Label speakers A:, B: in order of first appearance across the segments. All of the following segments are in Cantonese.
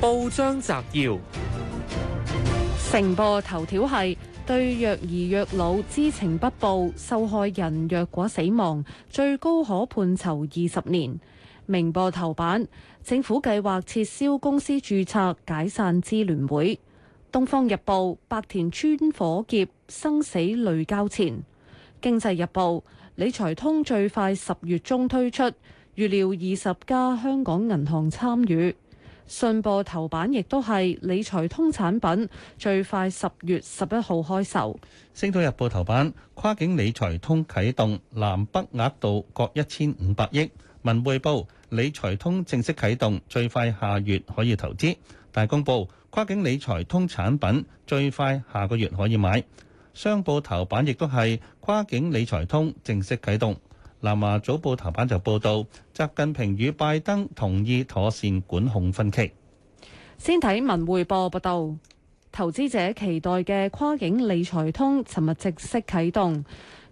A: 報章摘要：成報頭條》頭條係對虐兒虐老知情不報，受害人若果死亡，最高可判囚二十年。明報頭版，政府計劃撤銷公司註冊，解散支聯會。東方日報，白田村火劫，生死淚交前。經濟日報，理財通最快十月中推出，預料二十家香港銀行參與。信報頭版亦都係理財通產品最快十月十一號開售。
B: 星島日報頭版，跨境理財通啟動，南北額度各一千五百億。文匯報，理財通正式啟動，最快下月可以投資。大公報，跨境理財通產品最快下個月可以買。商報頭版亦都係跨境理財通正式啟動。南華早報頭版就報道，習近平與拜登同意妥善管控分歧。
A: 先睇文匯報報道，投資者期待嘅跨境理財通，尋日正式啟動，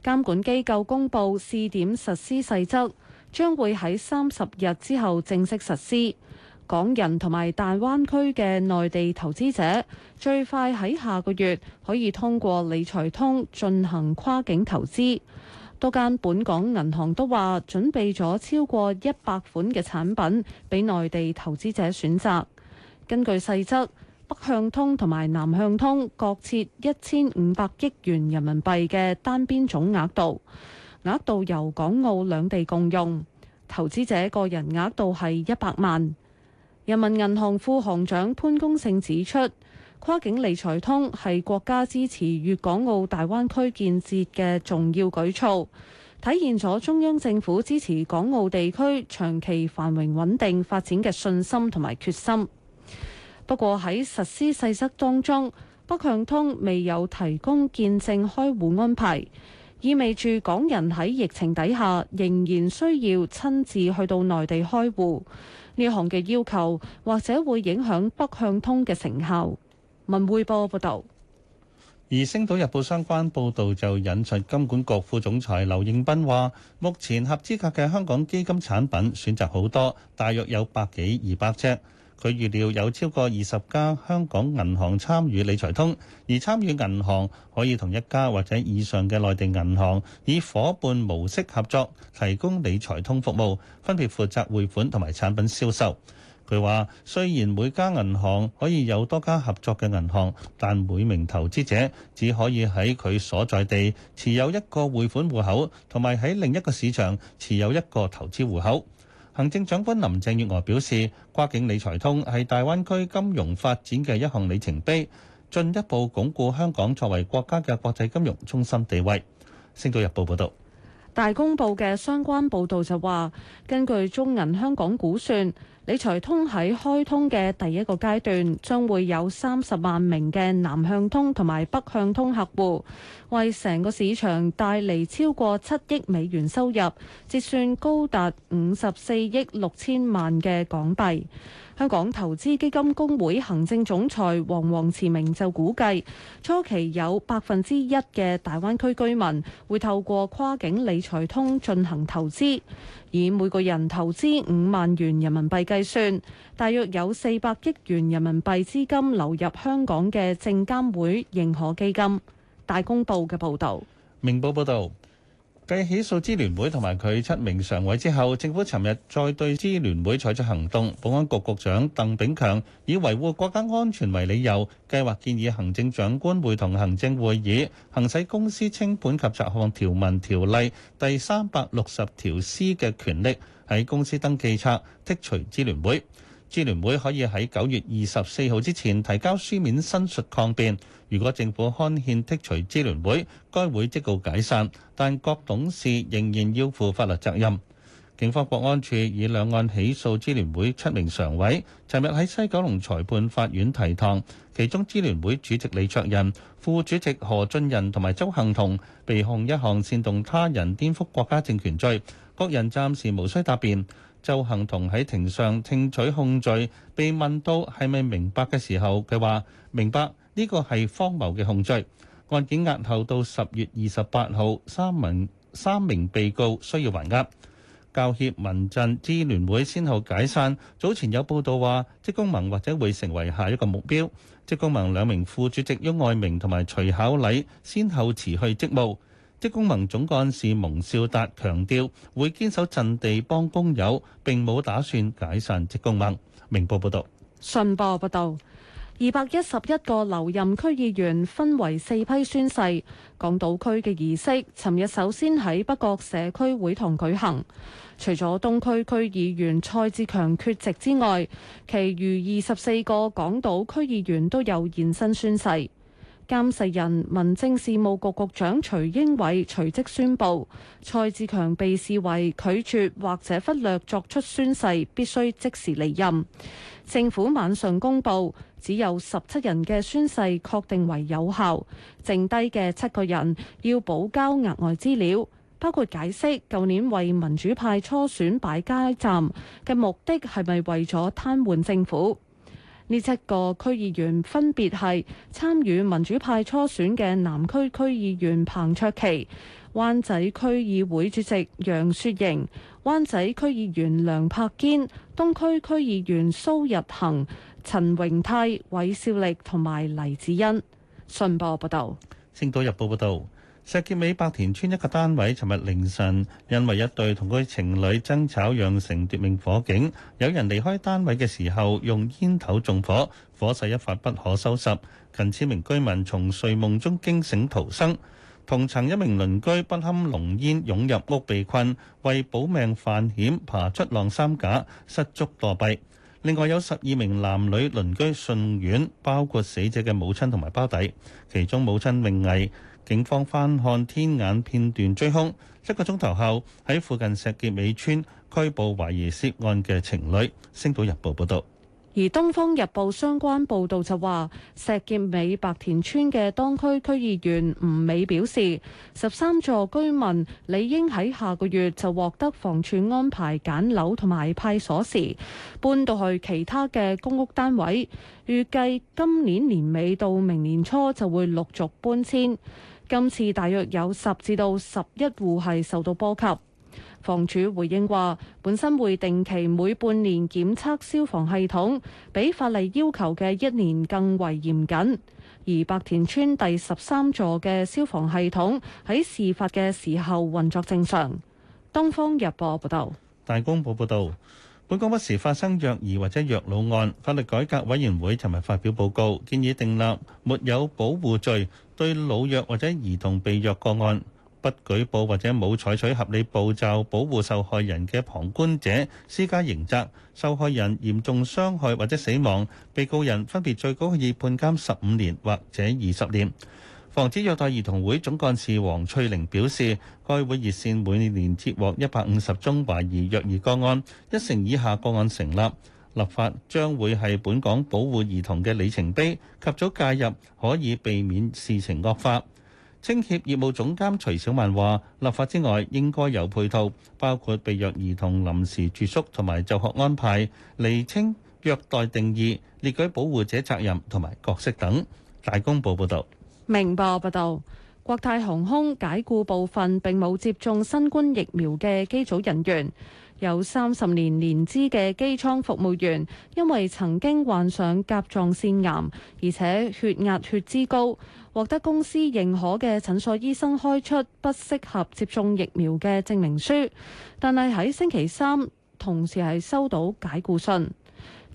A: 監管機構公布試點實施細則，將會喺三十日之後正式實施。港人同埋大灣區嘅內地投資者，最快喺下個月可以通過理財通進行跨境投資。多間本港銀行都話準備咗超過一百款嘅產品俾內地投資者選擇。根據細則，北向通同埋南向通各設一千五百億元人民幣嘅單邊總額度，額度由港澳兩地共用。投資者個人額度係一百萬。人民銀行副行長潘功勝指出。跨境理財通係國家支持粵港澳大灣區建設嘅重要舉措，體現咗中央政府支持港澳地區長期繁榮穩定發展嘅信心同埋決心。不過喺實施細則當中，北向通未有提供見證開戶安排，意味住港人喺疫情底下仍然需要親自去到內地開戶。呢項嘅要求，或者會影響北向通嘅成效。文匯報報道，
B: 而《星島日報》相關報道就引述金管局副總裁劉應斌話，目前合資格嘅香港基金產品選擇好多，大約有百幾二百隻。佢預料有超過二十家香港銀行參與理財通，而參與銀行可以同一家或者以上嘅內地銀行以伙伴模式合作，提供理財通服務，分別負責匯款同埋產品銷售。佢話：雖然每間銀行可以有多家合作嘅銀行，但每名投資者只可以喺佢所在地持有一個匯款戶口，同埋喺另一個市場持有一個投資戶口。行政長官林鄭月娥表示，跨境理財通係大灣區金融發展嘅一項里程碑，進一步鞏固香港作為國家嘅國際金融中心地位。星島日報報道。
A: 大公報嘅相關報導就話，根據中銀香港估算。理財通喺開通嘅第一個階段，將會有三十萬名嘅南向通同埋北向通客戶，為成個市場帶嚟超過七億美元收入，折算高達五十四億六千萬嘅港幣。香港投資基金公會行政總裁黃黃慈明就估計，初期有百分之一嘅大灣區居民會透過跨境理財通進行投資，以每個人投資五萬元人民幣嘅計算大約有四百億元人民幣資金流入香港嘅證監會認可基金。大公報嘅報道，
B: 明報報道。繼起訴支聯會同埋佢七名常委之後，政府尋日再對支聯會採取行動。保安局局長鄧炳強以維護國家安全為理由，計劃建議行政長官會同行政會議行使公司清盤及雜項條文條例第三百六十條 C 嘅權力，喺公司登記冊剔除支聯會。支聯會可以喺九月二十四號之前提交書面申述抗辯。如果政府刊憲剔除支聯會，該會即告解散，但各董事仍然要負法律責任。警方國安處以兩案起訴支聯會七名常委，尋日喺西九龍裁判法院提堂，其中支聯會主席李卓人、副主席何俊仁同埋鄒幸彤被控一項煽動他人顛覆國家政權罪，各人暫時無需答辯。就行同喺庭上聽取控罪，被問到係咪明白嘅時候，佢話明白呢個係荒謬嘅控罪。案件押後到十月二十八號，三名三名被告需要還押。教協、民陣、支聯會先後解散。早前有報道話，職工盟或者會成為下一個目標。職工盟兩名副主席翁愛明同埋徐巧禮，先後辭去職務。職工盟總幹事蒙少達強調，會堅守陣地幫工友，並冇打算解散職工盟。明報報道，
A: 信報報道，二百一十一個留任區議員分為四批宣誓。港島區嘅儀式，尋日首先喺北角社區會堂舉行。除咗東區區議員蔡志強缺席之外，其餘二十四個港島區議員都有現身宣誓。監誓人，民政事務局局長徐英偉，隨即宣布，蔡志強被視為拒絕或者忽略作出宣誓，必須即時離任。政府晚上公佈，只有十七人嘅宣誓確定為有效，剩低嘅七個人要補交額外資料，包括解釋舊年為民主派初選擺街站嘅目的係咪為咗癱瘓政府。呢七個區議員分別係參與民主派初選嘅南區區議員彭卓棋、灣仔區議會主席楊雪盈、灣仔區議員梁柏堅、東區區議員蘇日恒、陳榮泰、韋少力同埋黎智恩。信報報道，
B: 星島日報報道。石硤尾白田村一個單位，尋日凌晨，因為一對同居情侶爭吵揚揚，釀成奪命火警。有人離開單位嘅時候，用煙頭縱火，火勢一發不可收拾。近千名居民從睡夢中驚醒逃生。同層一名鄰居不堪濃煙湧入屋被困，為保命犯險爬出晾衫架，失足墮斃。另外有十二名男女鄰居送院，包括死者嘅母親同埋胞弟，其中母親命危。警方翻看天眼片段追兇，一個鐘頭後，喺附近石硤尾村拘捕懷疑涉案嘅情侶。星島日報報道。
A: 而《東方日報》相關報道就話石硤尾白田村嘅當區區議員吳美表示，十三座居民理應喺下個月就獲得房署安排揀樓同埋派鎖匙，搬到去其他嘅公屋單位。預計今年年尾到明年初就會陸續搬遷。今次大約有十至到十一戶係受到波及，房署回應話：本身會定期每半年檢測消防系統，比法例要求嘅一年更為嚴謹。而白田村第十三座嘅消防系統喺事發嘅時候運作正常。《東方日報》報道，《大
B: 公報》報道。本港不時發生虐兒或者虐老案，法律改革委員會尋日發表報告，建議訂立沒有保護罪，對老弱或者兒童被虐個案不舉報或者冇採取合理步驟保護受害人嘅旁觀者施加刑責，受害人嚴重傷害或者死亡，被告人分別最高可以判監十五年或者二十年。防止虐待兒童會總幹事黃翠玲表示，該會熱線每年接獲一百五十宗懷疑虐兒個案，一成以下個案成立。立法將會係本港保護兒童嘅里程碑，及早介入可以避免事情惡化。青協業務總監徐小曼話：立法之外應該有配套，包括被虐兒童臨時住宿同埋就學安排，釐清虐待定義，列舉保護者責任同埋角色等。大公報報導。
A: 明報報道，國泰航空解雇部分並冇接種新冠疫苗嘅機組人員，有三十年年資嘅機艙服務員，因為曾經患上甲狀腺癌，而且血壓血脂高，獲得公司認可嘅診所醫生開出不適合接種疫苗嘅證明書，但係喺星期三同時係收到解雇信。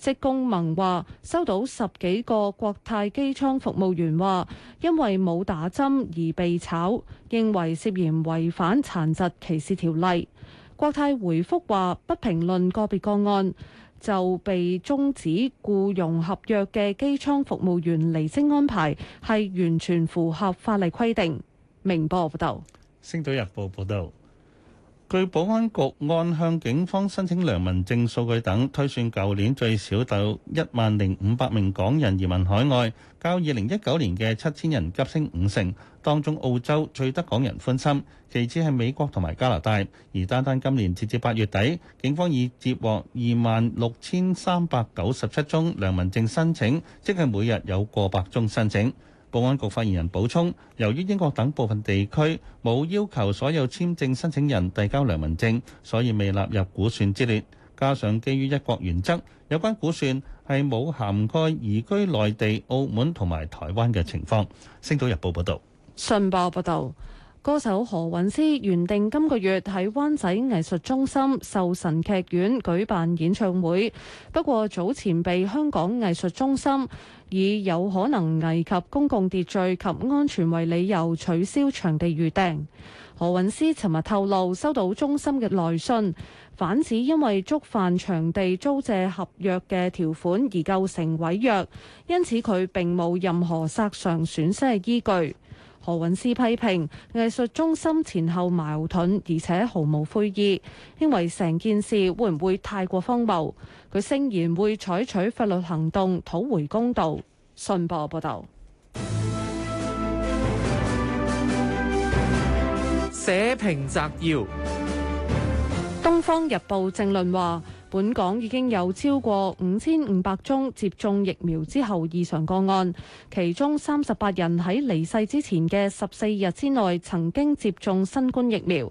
A: 職工盟話收到十幾個國泰機艙服務員話因為冇打針而被炒，認為涉嫌違反殘疾歧視條例。國泰回覆話不評論個別個案就被終止僱傭合約嘅機艙服務員離職安排係完全符合法例規定。明報報道，
B: 星島日報報道。據保安局按向警方申請良民證數據等推算，舊年最少到一萬零五百名港人移民海外，較二零一九年嘅七千人急升五成。當中澳洲最得港人歡心，其次係美國同埋加拿大。而單單今年截至八月底，警方已接獲二萬六千三百九十七宗良民證申請，即係每日有過百宗申請。保安局發言人補充，由於英國等部分地區冇要求所有簽證申請人遞交良民證，所以未納入估算之列。加上基於一國原則，有關估算係冇涵蓋移居內地、澳門同埋台灣嘅情況。星島日報報道，
A: 信報報道。歌手何韻詩原定今個月喺灣仔藝術中心壽臣劇院舉辦演唱會，不過早前被香港藝術中心以有可能危及公共秩序及安全為理由取消場地預訂。何韻詩尋日透露收到中心嘅來信，反指因為觸犯場地租借合約嘅條款而構成違約，因此佢並冇任何索償損失嘅依據。何韻詩批評藝術中心前後矛盾，而且毫無悔意，認為成件事會唔會太過荒謬。佢聲言會採取法律行動討回公道。信報報道。社評摘要：《東方日報正論》政論話。本港已經有超過五千五百宗接種疫苗之後異常個案，其中三十八人喺離世之前嘅十四日之內曾經接種新冠疫苗。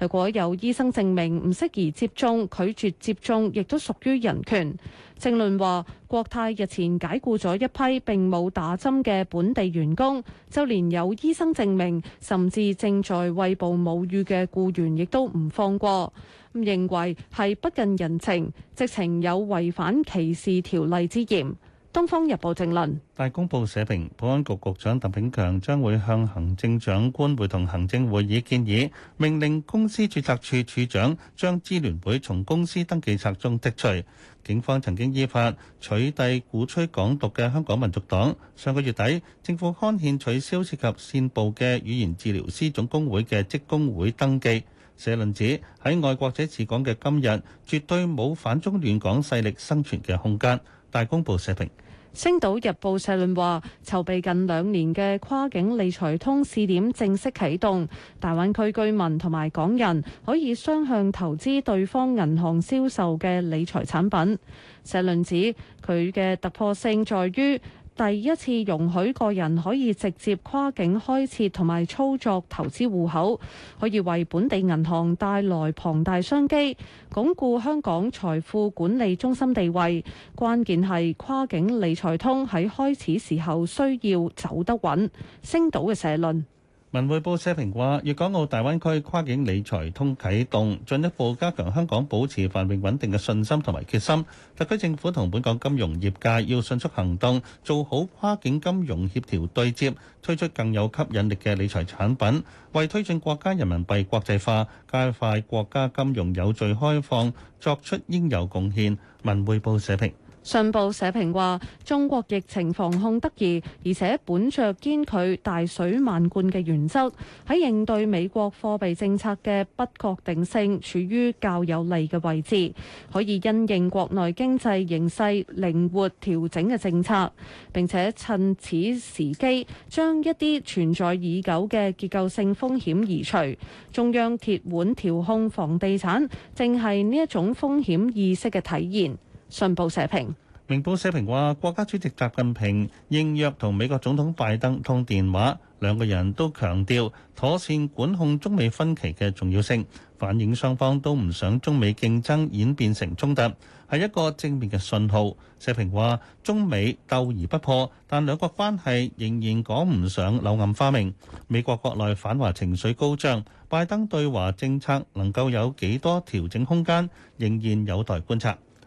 A: 如果有醫生證明唔適宜接種，拒絕接種亦都屬於人權。正論話，國泰日前解雇咗一批並冇打針嘅本地員工，就連有醫生證明甚至正在餵哺母乳嘅僱員，亦都唔放過。認為係不近人情，直情有違反歧視條例之嫌。《東方日報》正論。
B: 大公報社評，保安局局長鄧炳強將會向行政長官會同行政會議建議，命令公司注冊處處長將支聯會從公司登記冊中剔除。警方曾經依法取締鼓吹港獨嘅香港民族黨。上個月底，政府刊憲取消涉及線部嘅語言治療師總工會嘅職工會登記。社論指喺愛國者治港嘅今日，絕對冇反中亂港勢力生存嘅空間。大公報社評。
A: 《星島日報》社論話，籌備近兩年嘅跨境理財通試點正式啟動，大灣區居民同埋港人可以雙向投資對方銀行銷售嘅理財產品。社論指佢嘅突破性在於，第一次容許個人可以直接跨境開設同埋操作投資戶口，可以為本地銀行帶來龐大商機，鞏固香港財富管理中心地位。關鍵係跨境理財通喺開始時候需要走得穩。星島嘅社論。
B: 文匯報社評話，粵港澳大灣區跨境理財通啟動進一步加強香港保持繁榮穩定嘅信心同埋決心。特區政府同本港金融業界要迅速行動，做好跨境金融協調對接，推出更有吸引力嘅理財產品，為推進國家人民幣國際化、加快國家金融有序開放作出應有貢獻，文匯報社評。
A: 信報社評話：中國疫情防控得宜，而且本着堅拒大水漫灌嘅原則，喺應對美國貨幣政策嘅不確定性，處於較有利嘅位置，可以因應國內經濟形勢靈活調整嘅政策，並且趁此時機將一啲存在已久嘅結構性風險移除。中央鐵腕調控房地產，正係呢一種風險意識嘅體現。信報社評。
B: 明報社評話，國家主席習近平應約同美國總統拜登通電話，兩個人都強調妥善管控中美分歧嘅重要性，反映雙方都唔想中美競爭演變成衝突，係一個正面嘅信號。社評話，中美鬥而不破，但兩國關係仍然講唔上柳暗花明。美國國內反華情緒高漲，拜登對華政策能夠有幾多調整空間，仍然有待觀察。